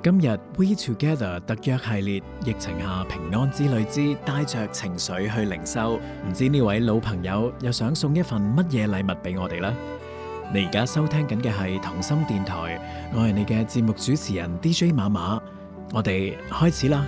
今日 We Together 特約系列，疫情下平安之旅之帶着情緒去靈修，唔知呢位老朋友又想送一份乜嘢禮物俾我哋呢？你而家收聽緊嘅係同心電台，我係你嘅節目主持人 DJ 馬馬，我哋開始啦。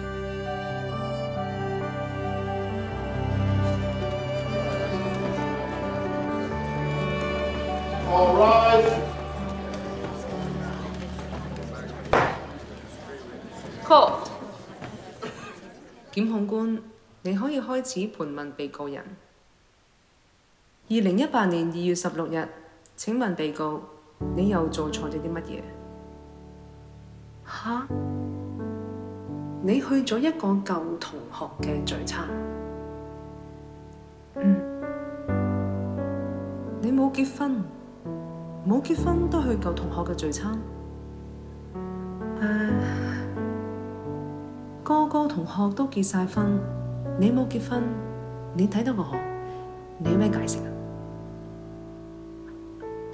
官，你可以開始盤問被告人。二零一八年二月十六日，請問被告，你又做錯咗啲乜嘢？吓哈？你去咗一個舊同學嘅聚餐。嗯。你冇結婚，冇結婚都去舊同學嘅聚餐。啊。個個同學都結晒婚，你冇結婚，你睇得我，你咩解釋啊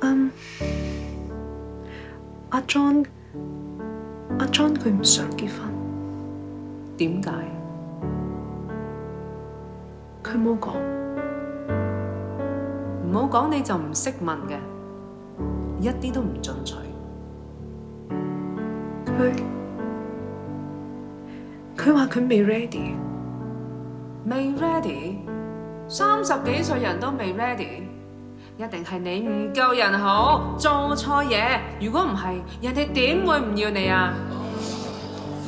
？um, 阿 john 阿 john 佢唔想結婚，點解？佢冇講，唔好講你就唔識問嘅，一啲都唔進取。佢。佢話佢未 ready，未 ready，三十幾歲人都未 ready，一定係你唔夠人好，做錯嘢。如果唔係，人哋點會唔要你啊？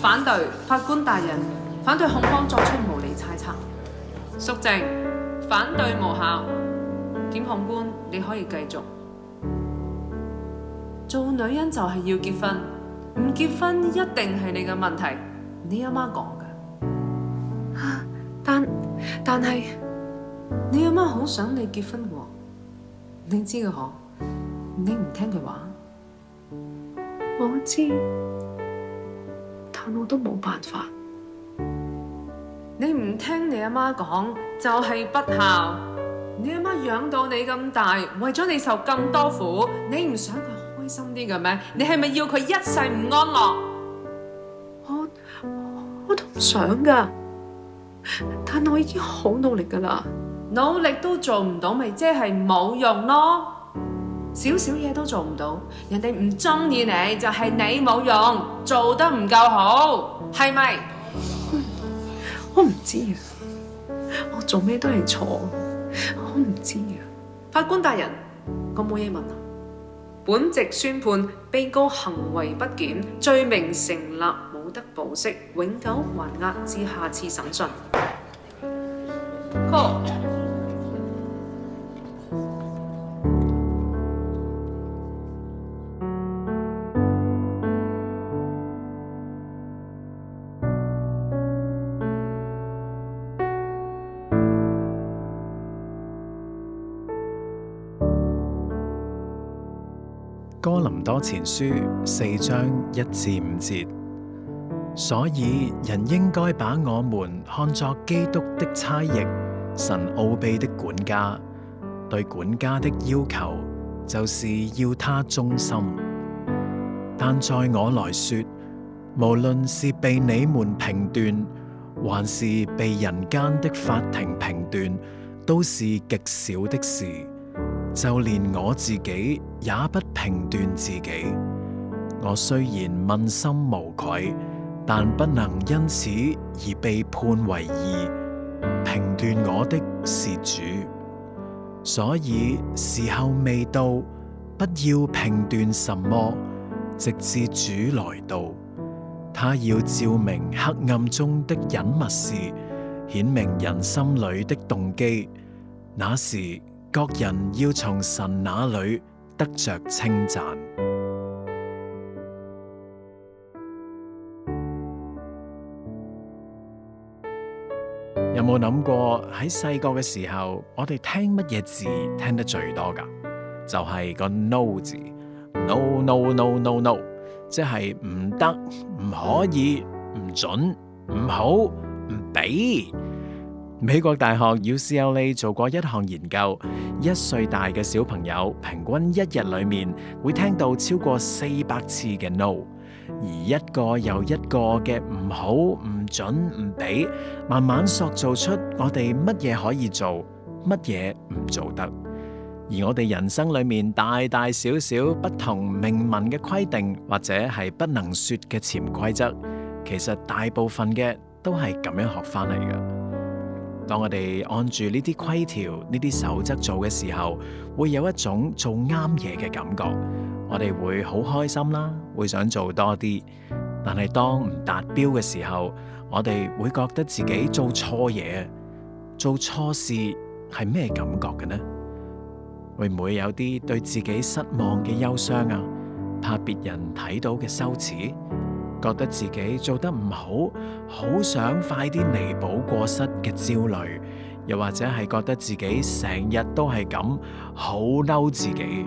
反對，法官大人，反對控方作出無理猜測。肅靜，反對無效。檢控官，你可以繼續。做女人就係要結婚，唔結婚一定係你嘅問題。你阿媽講㗎，但但係你阿媽好想你結婚喎，哦，你知嘅可？你唔聽佢話，我知，但我都冇辦法。你唔聽你阿媽講就係、是、不孝。你阿媽養到你咁大，為咗你受咁多苦，你唔想佢開心啲嘅咩？你係咪要佢一世唔安樂？我我都唔想噶，但我已經好努力噶啦，努力都做唔到咪即係冇用咯？少少嘢都做唔到，人哋唔中意你就係你冇用，做得唔夠好，係咪？我唔知啊，我做咩都係錯，我唔知啊。法官大人，我冇嘢問啊。本席宣判，被告行為不檢，罪名成立。得保釋，永久還押至下次審訊。哥林多前書四章一至五節。所以，人應該把我們看作基督的差役，神奧秘的管家。對管家的要求，就是要他忠心。但在我來說，無論是被你們評斷，還是被人間的法庭評斷，都是極小的事。就連我自己也不評斷自己。我雖然問心無愧。但不能因此而被判為義，評斷我的是主，所以時候未到，不要評斷什麼，直至主來到，他要照明黑暗中的隱密事，顯明人心裡的動機。那時，各人要從神那裡得着稱讚。我諗過喺細個嘅時候，我哋聽乜嘢字聽得最多噶，就係個 no 字，no no no no no，即係唔得、唔可以、唔准、唔好、唔俾。美國大學 UCLA 做過一項研究，一歲大嘅小朋友平均一日裏面會聽到超過四百次嘅 no。而一個又一個嘅唔好、唔准、唔俾，慢慢塑造出我哋乜嘢可以做，乜嘢唔做得。而我哋人生裏面大大小小不同明文嘅規定，或者係不能說嘅潛規則，其實大部分嘅都係咁樣學翻嚟嘅。當我哋按住呢啲規條、呢啲守則做嘅時候，會有一種做啱嘢嘅感覺。我哋會好開心啦，會想做多啲。但係當唔達標嘅時候，我哋會覺得自己做錯嘢、做錯事係咩感覺嘅呢？會唔會有啲對自己失望嘅憂傷啊？怕別人睇到嘅羞恥，覺得自己做得唔好，好想快啲彌補過失嘅焦慮，又或者係覺得自己成日都係咁，好嬲自己。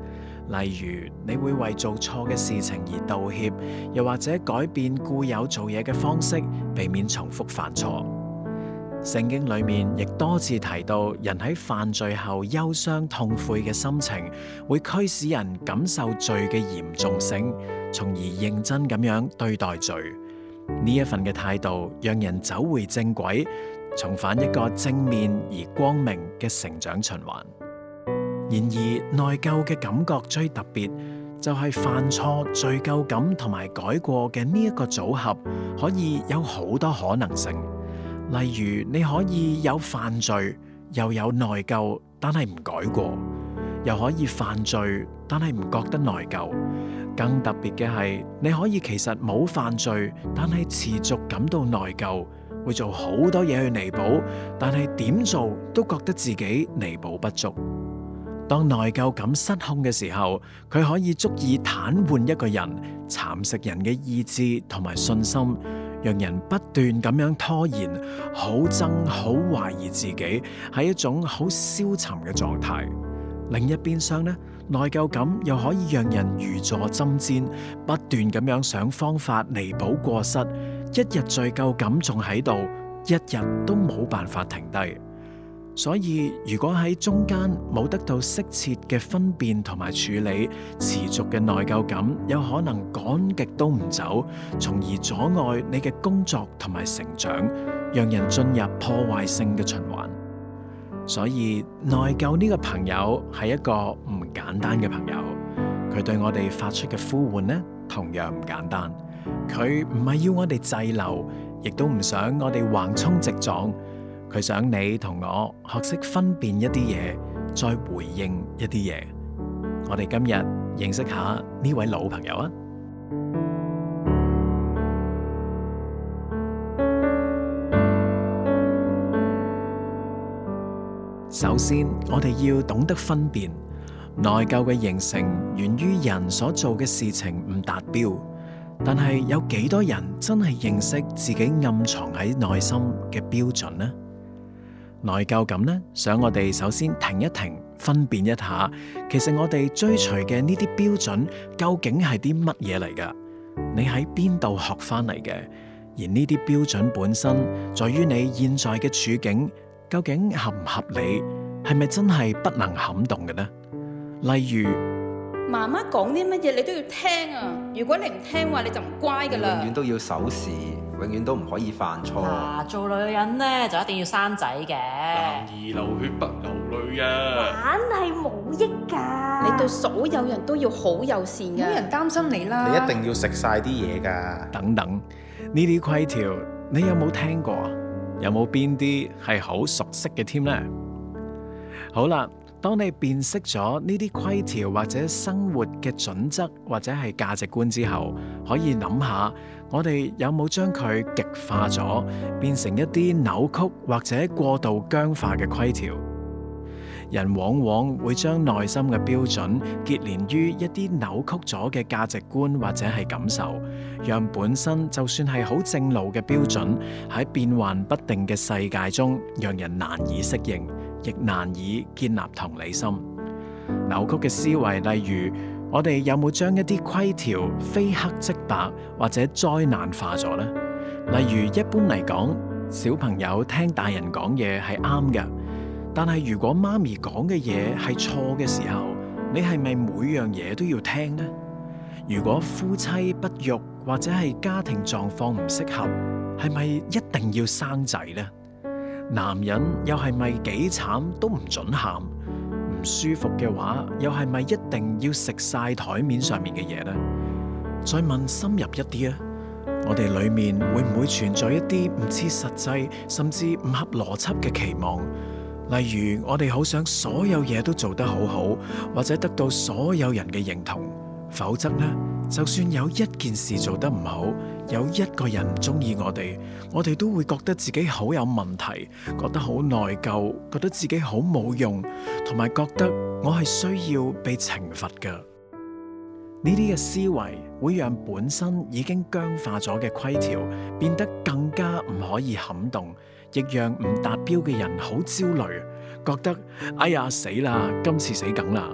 例如，你會為做錯嘅事情而道歉，又或者改變固有做嘢嘅方式，避免重複犯錯。聖經裏面亦多次提到，人喺犯罪後憂傷痛悔嘅心情，會驅使人感受罪嘅嚴重性，從而認真咁樣對待罪。呢一份嘅態度，讓人走回正軌，重返一個正面而光明嘅成長循環。然而內疚嘅感覺最特別，就係犯錯、罪疚感同埋改過嘅呢一個組合，可以有好多可能性。例如，你可以有犯罪又有內疚，但係唔改過；又可以犯罪但係唔覺得內疚。更特別嘅係，你可以其實冇犯罪，但係持續感到內疚，會做好多嘢去彌補，但係點做都覺得自己彌補不足。當內疚感失控嘅時候，佢可以足以癱瘓一個人，蠶食人嘅意志同埋信心，讓人不斷咁樣拖延，好憎好懷疑自己，係一種好消沉嘅狀態。另一邊廂咧，內疚感又可以讓人如坐針氈，不斷咁樣想方法彌補過失，一日罪疚感仲喺度，一日都冇辦法停低。所以，如果喺中間冇得到適切嘅分辨同埋處理，持續嘅內疚感有可能趕極都唔走，從而阻礙你嘅工作同埋成長，讓人進入破壞性嘅循環。所以，內疚呢個朋友係一個唔簡單嘅朋友，佢對我哋發出嘅呼喚呢，同樣唔簡單。佢唔係要我哋滯留，亦都唔想我哋橫衝直撞。佢想你同我學識分辨一啲嘢，再回應一啲嘢。我哋今日認識下呢位老朋友啦。首先，我哋要懂得分辨內疚嘅形成，源於人所做嘅事情唔達標。但係有幾多人真係認識自己暗藏喺內心嘅標準呢？內疚感呢，想我哋首先停一停，分辨一下，其實我哋追隨嘅呢啲標準究竟係啲乜嘢嚟㗎？你喺邊度學返嚟嘅？而呢啲標準本身，在於你現在嘅處境究竟合唔合理？係咪真係不能撼動嘅呢？例如，媽媽講啲乜嘢你都要聽啊！如果你唔聽話，你就唔乖㗎啦！永遠都要守時。永遠都唔可以犯錯啊。做女人呢，就一定要生仔嘅。男兒流血不流淚啊！硬係冇益噶，你對所有人都要好友善嘅啊。冇人擔心你啦。你一定要食晒啲嘢噶，等等呢啲規條，你有冇聽過？有冇邊啲係好熟悉嘅添呢？好啦，當你辨識咗呢啲規條或者生活嘅準則或者係價值觀之後，可以諗下。我哋有冇將佢極化咗，變成一啲扭曲或者過度僵化嘅規條？人往往會將內心嘅標準結連於一啲扭曲咗嘅價值觀或者係感受，讓本身就算係好正路嘅標準喺變幻不定嘅世界中，讓人難以適應，亦難以建立同理心。扭曲嘅思維，例如，我哋有冇將一啲規條非黑即白或者災難化咗呢？例如，一般嚟講，小朋友聽大人講嘢係啱嘅，但係如果媽咪講嘅嘢係錯嘅時候，你係咪每樣嘢都要聽呢？如果夫妻不育或者係家庭狀況唔適合，係咪一定要生仔呢？男人又係咪幾慘都唔准喊？唔舒服嘅話，又係咪一定要食晒台面上面嘅嘢呢？再問深入一啲啊，我哋裏面會唔會存在一啲唔切實際，甚至唔合邏輯嘅期望？例如，我哋好想所有嘢都做得好好，或者得到所有人嘅認同，否則呢？就算有一件事做得唔好，有一個人唔中意我哋，我哋都會覺得自己好有問題，覺得好內疚，覺得自己好冇用，同埋覺得我係需要被懲罰嘅。呢啲嘅思維會讓本身已經僵化咗嘅規條變得更加唔可以撼動，亦讓唔達標嘅人好焦慮，覺得哎呀，死啦，今次死梗啦。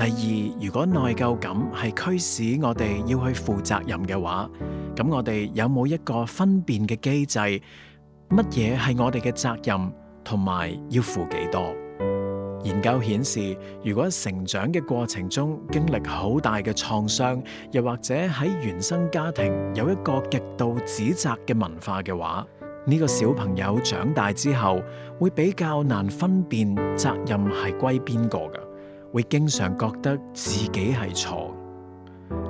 第二，如果內疚感係驅使我哋要去負責任嘅話，咁我哋有冇一個分辨嘅機制？乜嘢係我哋嘅責任，同埋要負幾多？研究顯示，如果成長嘅過程中經歷好大嘅創傷，又或者喺原生家庭有一個極度指責嘅文化嘅話，呢個小朋友長大之後會比較難分辨責任係歸邊個噶。會經常覺得自己係錯，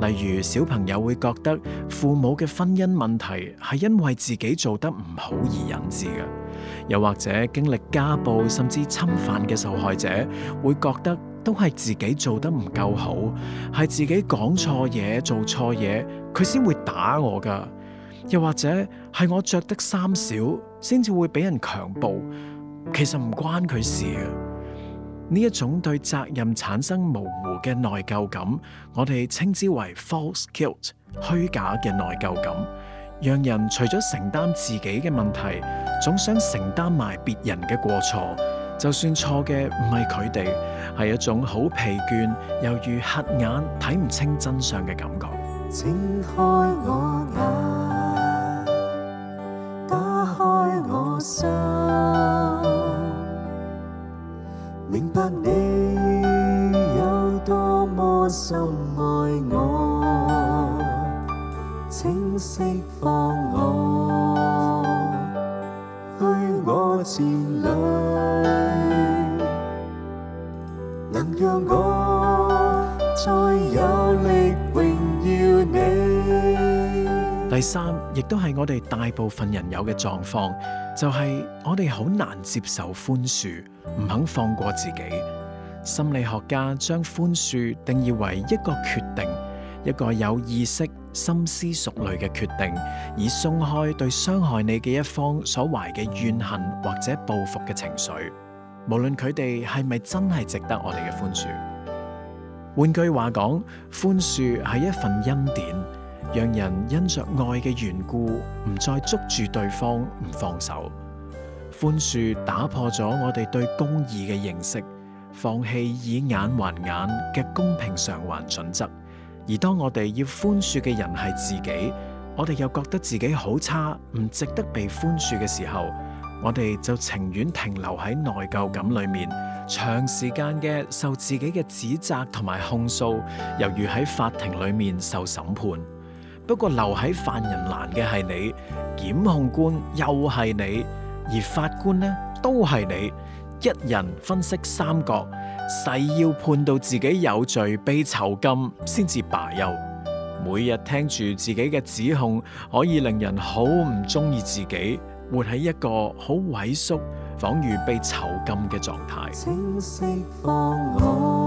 例如小朋友會覺得父母嘅婚姻問題係因為自己做得唔好而引致嘅，又或者經歷家暴甚至侵犯嘅受害者會覺得都係自己做得唔夠好，係自己講錯嘢做錯嘢，佢先會打我噶，又或者係我着得衫少先至會俾人強暴，其實唔關佢事嘅。呢一種對責任產生模糊嘅內疚感，我哋稱之為 false guilt，虛假嘅內疚感，讓人除咗承擔自己嘅問題，總想承擔埋別人嘅過錯，就算錯嘅唔係佢哋，係一種好疲倦，猶如黑眼睇唔清真相嘅感覺。有嘅狀況就係我哋好難接受寬恕，唔肯放過自己。心理學家將寬恕定義為一個決定，一個有意識、深思熟慮嘅決定，以鬆開對傷害你嘅一方所懷嘅怨恨或者報復嘅情緒，無論佢哋係咪真係值得我哋嘅寬恕。換句話講，寬恕係一份恩典。讓人因着愛嘅緣故，唔再捉住對方，唔放手。寬恕打破咗我哋對公義嘅認識，放棄以眼還眼嘅公平償還準則。而當我哋要寬恕嘅人係自己，我哋又覺得自己好差，唔值得被寬恕嘅時候，我哋就情願停留喺內疚感裏面，長時間嘅受自己嘅指責同埋控訴，猶如喺法庭裏面受審判。不過留喺犯人欄嘅係你，檢控官又係你，而法官呢，都係你，一人分飾三角，誓要判到自己有罪被囚禁先至罷休。每日聽住自己嘅指控，可以令人好唔中意自己，活喺一個好萎縮、仿如被囚禁嘅狀態。請釋放我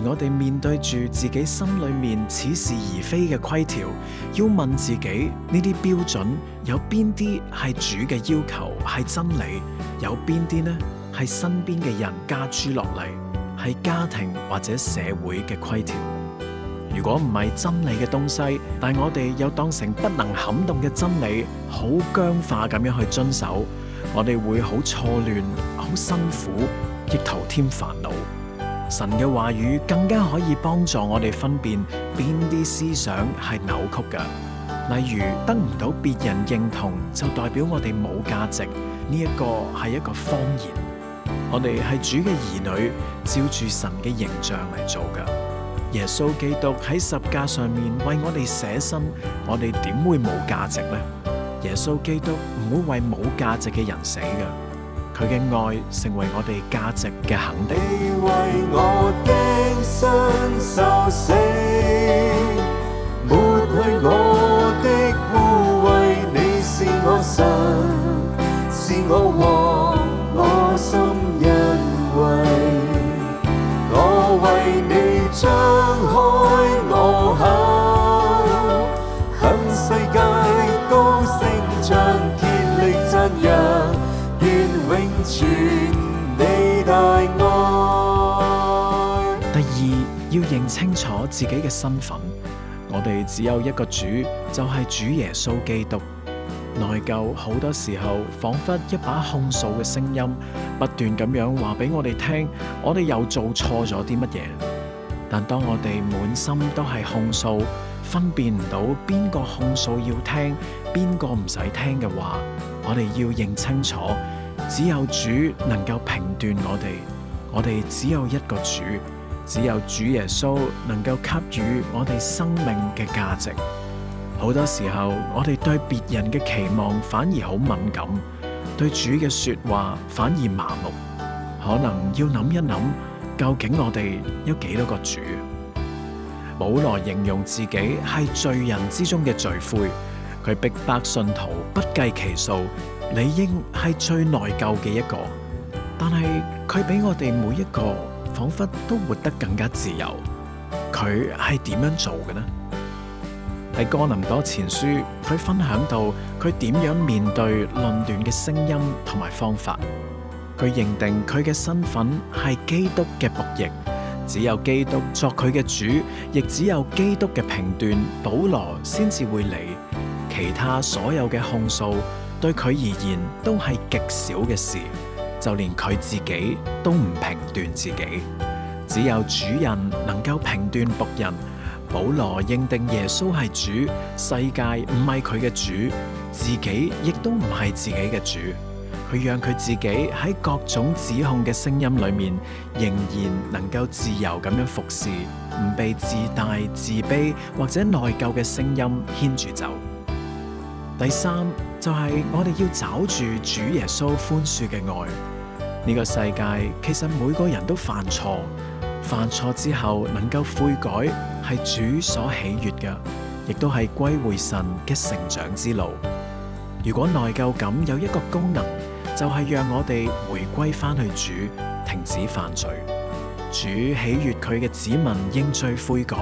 而我哋面對住自己心裏面似是而非嘅規條，要問自己呢啲標準有邊啲係主嘅要求係真理，有邊啲呢係身邊嘅人加諸落嚟，係家庭或者社會嘅規條。如果唔係真理嘅東西，但我哋又當成不能撼動嘅真理，好僵化咁樣去遵守，我哋會好錯亂，好辛苦，亦徒添煩惱。神嘅話語更加可以幫助我哋分辨邊啲思想係扭曲嘅，例如得唔到別人認同就代表我哋冇價值，呢、這個、一個係一個謊言。我哋係主嘅兒女，照住神嘅形象嚟做嘅。耶穌基督喺十架上面為我哋捨身，我哋點會冇價值呢？耶穌基督唔會為冇價值嘅人死嘅。佢嘅愛成為我哋價值嘅肯定。祢為我釘身受死，抹去我的污穢，祢是我神，是我王自己嘅身份，我哋只有一個主，就係主耶穌基督。內疚好多時候，仿佛一把控訴嘅聲音，不斷咁樣話俾我哋聽，我哋又做錯咗啲乜嘢？但當我哋滿心都係控訴，分辨唔到邊個控訴要聽，邊個唔使聽嘅話，我哋要認清楚，只有主能夠評斷我哋，我哋只有一個主。只有主耶穌能夠給予我哋生命嘅價值。好多時候，我哋對別人嘅期望反而好敏感，對主嘅說話反而麻木。可能要諗一諗，究竟我哋有幾多個主？保羅形容自己係罪人之中嘅罪魁，佢逼迫白信徒不計其數，理應係最內疚嘅一個。但係佢俾我哋每一個。仿佛都活得更加自由，佢係點樣做嘅呢？喺《哥林多前書》，佢分享到佢點樣面對論斷嘅聲音同埋方法。佢認定佢嘅身份係基督嘅僕役，只有基督作佢嘅主，亦只有基督嘅評斷，保羅先至會嚟。其他所有嘅控訴，對佢而言都係極少嘅事。就連佢自己都唔評斷自己，只有主人能夠評斷僕人。保羅認定耶穌係主，世界唔係佢嘅主，自己亦都唔係自己嘅主。佢讓佢自己喺各種指控嘅聲音裏面，仍然能夠自由咁樣服侍，唔被自大、自卑或者內疚嘅聲音牽住走。第三就係、是、我哋要找住主耶穌寬恕嘅愛。呢、這個世界其實每個人都犯錯，犯錯之後能夠悔改係主所喜悅嘅，亦都係歸回神嘅成長之路。如果內疚感有一個功能，就係、是、讓我哋回歸返去主，停止犯罪。主喜悅佢嘅子民認罪悔改，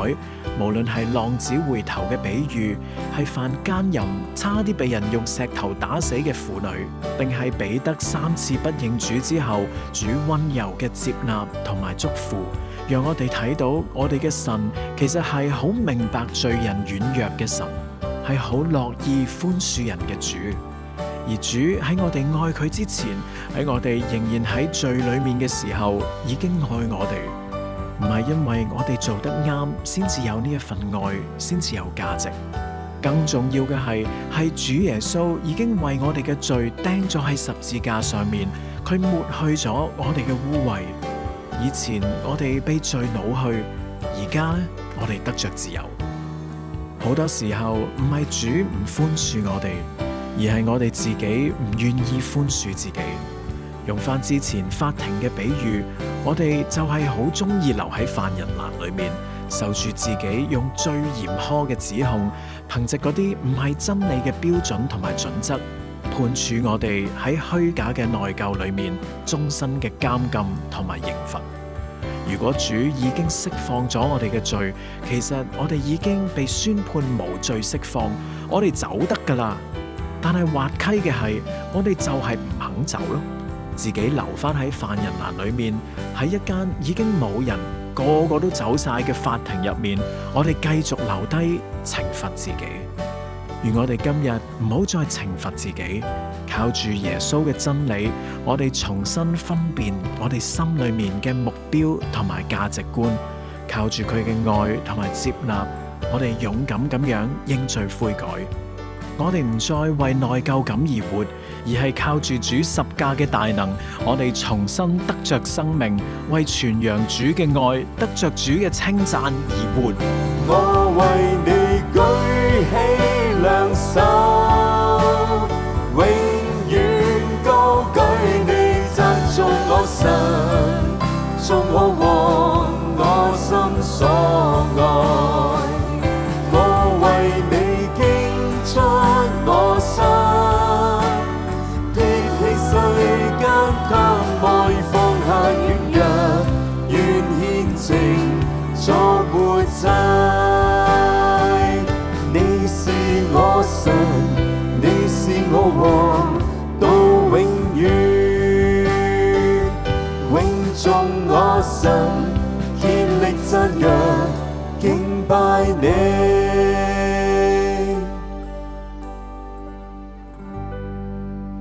無論係浪子回頭嘅比喻，係犯奸淫差啲被人用石頭打死嘅婦女，定係彼得三次不認主之後，主溫柔嘅接納同埋祝福，讓我哋睇到我哋嘅神其實係好明白罪人軟弱嘅神，係好樂意寬恕人嘅主。而主喺我哋愛佢之前，喺我哋仍然喺罪裏面嘅時候，已經愛我哋，唔係因為我哋做得啱先至有呢一份愛，先至有價值。更重要嘅係，係主耶穌已經為我哋嘅罪釘咗喺十字架上面，佢抹去咗我哋嘅污穢。以前我哋被罪擄去，而家我哋得着自由。好多時候唔係主唔寬恕我哋。而係我哋自己唔願意寬恕自己。用翻之前法庭嘅比喻，我哋就係好中意留喺犯人欄裏面，受住自己用最嚴苛嘅指控，憑藉嗰啲唔係真理嘅標準同埋準則，判處我哋喺虛假嘅內疚裏面，終身嘅監禁同埋刑罰。如果主已經釋放咗我哋嘅罪，其實我哋已經被宣判無罪釋放，我哋走得㗎喇。但係滑稽嘅係，我哋就係唔肯走咯，自己留翻喺犯人欄裏面，喺一間已經冇人個個都走晒嘅法庭入面，我哋繼續留低懲罰自己。願我哋今日唔好再懲罰自己，靠住耶穌嘅真理，我哋重新分辨我哋心裏面嘅目標同埋價值觀，靠住佢嘅愛同埋接納，我哋勇敢咁樣認罪悔改。我哋唔再為內疚感而活，而係靠住主十架嘅大能，我哋重新得着生命，為傳揚主嘅愛，得着主嘅稱讚而活。我為祢舉起兩手。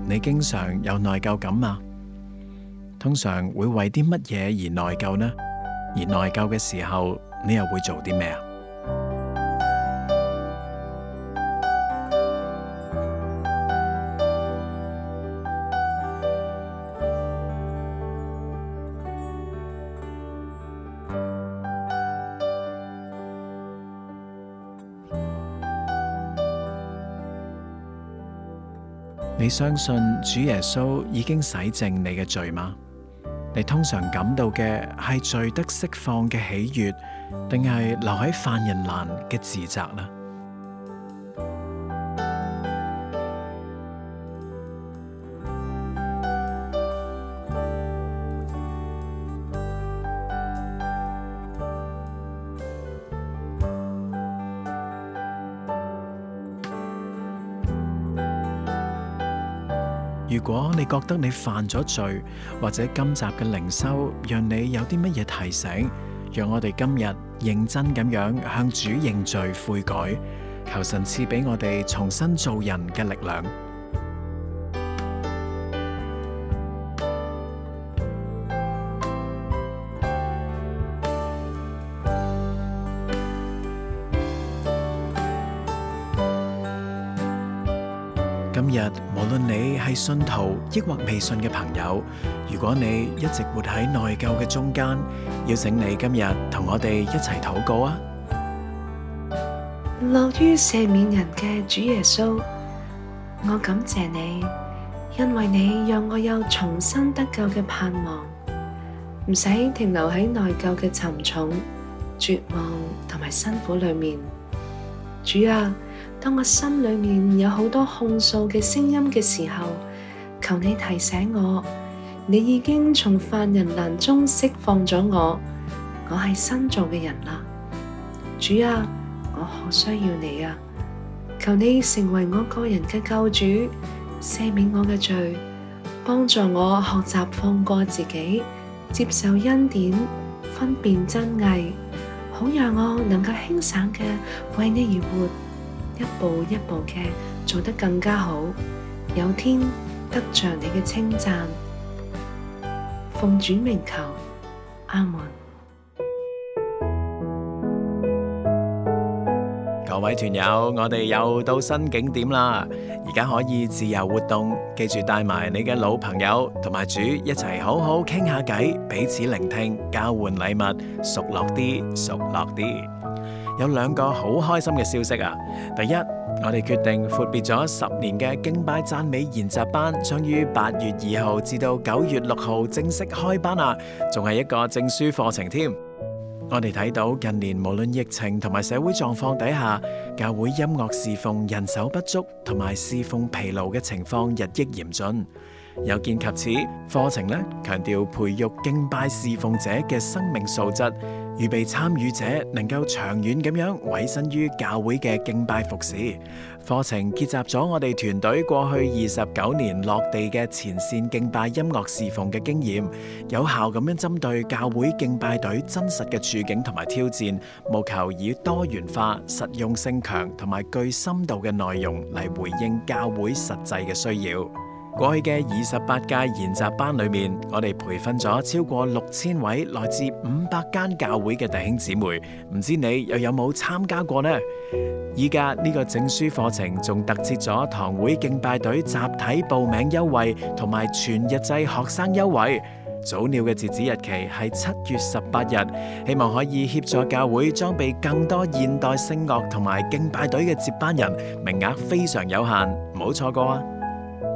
你經常有內疚感嗎？通常會為啲乜嘢而內疚呢？而內疚嘅時候，你又會做啲咩啊？你相信主耶穌已經洗淨你嘅罪嗎？你通常感到嘅係罪得釋放嘅喜悅，定係留喺犯人欄嘅自責呢？如果你覺得你犯咗罪，或者今集嘅靈修讓你有啲乜嘢提醒，讓我哋今日認真咁樣向主認罪悔改，求神賜俾我哋重新做人嘅力量。信徒，抑或未信嘅朋友，如果你一直活喺內疚嘅中間，邀請你今日同我哋一齊禱告啊！樂於赦免人嘅主耶穌，我感謝你，因為你讓我有重新得救嘅盼望，唔使停留喺內疚嘅沉重、絕望同埋辛苦裏面。主啊，當我心裏面有好多控訴嘅聲音嘅時候，求你提醒我，你已經從犯人難中釋放咗我，我係新造嘅人啦。主啊，我好需要你啊！求你成為我個人嘅救主，赦免我嘅罪，幫助我學習放過自己，接受恩典，分辨真偽，好讓我能夠輕省嘅為你而活，一步一步嘅做得更加好。有天。得着你嘅稱讚，奉主名求，阿門。各位團友，我哋又到新景點啦，而家可以自由活動，記住帶埋你嘅老朋友同埋主一齊，好好傾下偈，彼此聆聽，交換禮物，熟絡啲，熟絡啲。有兩個好開心嘅消息啊，第一。我哋決定闊別咗十年嘅敬拜讚美研習班，將於八月二號至到九月六號正式開班啊，仲係一個證書課程添。我哋睇到近年無論疫情同埋社會狀況底下，教會音樂侍奉人手不足同埋侍奉疲勞嘅情況日益嚴峻。有見及此，課程呢強調培育敬拜侍奉者嘅生命素質，預備參與者能夠長遠咁樣委身於教會嘅敬拜服侍。課程結集咗我哋團隊過去二十九年落地嘅前線敬拜音樂侍奉嘅經驗，有效咁樣針對教會敬拜隊真實嘅處境同埋挑戰，務求以多元化、實用性強同埋具深度嘅內容嚟回應教會實際嘅需要。過去嘅二十八屆研習班裏面，我哋培訓咗超過六千位來自五百間教會嘅弟兄姊妹，唔知你又有冇參加過呢？依家呢個證書課程仲特設咗堂會敬拜隊集體報名優惠同埋全日制學生優惠。早鳥嘅截止日期係七月十八日，希望可以協助教會裝備更多現代聖樂同埋敬拜隊嘅接班人。名額非常有限，唔好錯過啊！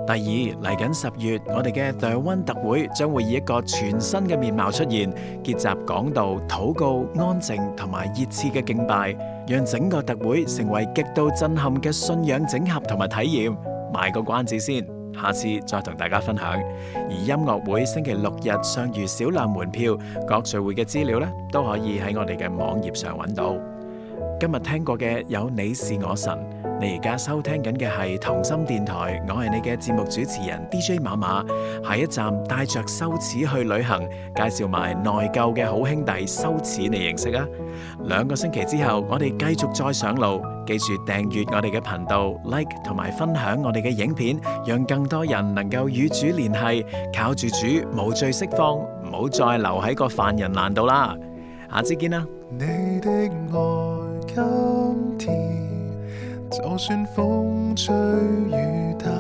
第二嚟緊十月，我哋嘅降溫特會將會以一個全新嘅面貌出現，結集講道、禱告、安靜同埋熱切嘅敬拜，讓整個特會成為極度震撼嘅信仰整合同埋體驗。賣個關子先，下次再同大家分享。而音樂會星期六日尚餘少量門票，各聚會嘅資料咧都可以喺我哋嘅網頁上揾到。今日聽過嘅有《祢是我神》。你而家收聽緊嘅係同心電台，我係你嘅節目主持人 DJ 馬馬。下一站帶着羞恥去旅行，介紹埋內疚嘅好兄弟羞恥嚟認識啊！兩個星期之後，我哋繼續再上路。記住訂閱我哋嘅頻道，like 同埋分享我哋嘅影片，讓更多人能夠與主聯繫，靠住主無罪釋放，唔好再留喺個犯人欄度啦。下次見啦！你的愛今天。就算風吹雨打。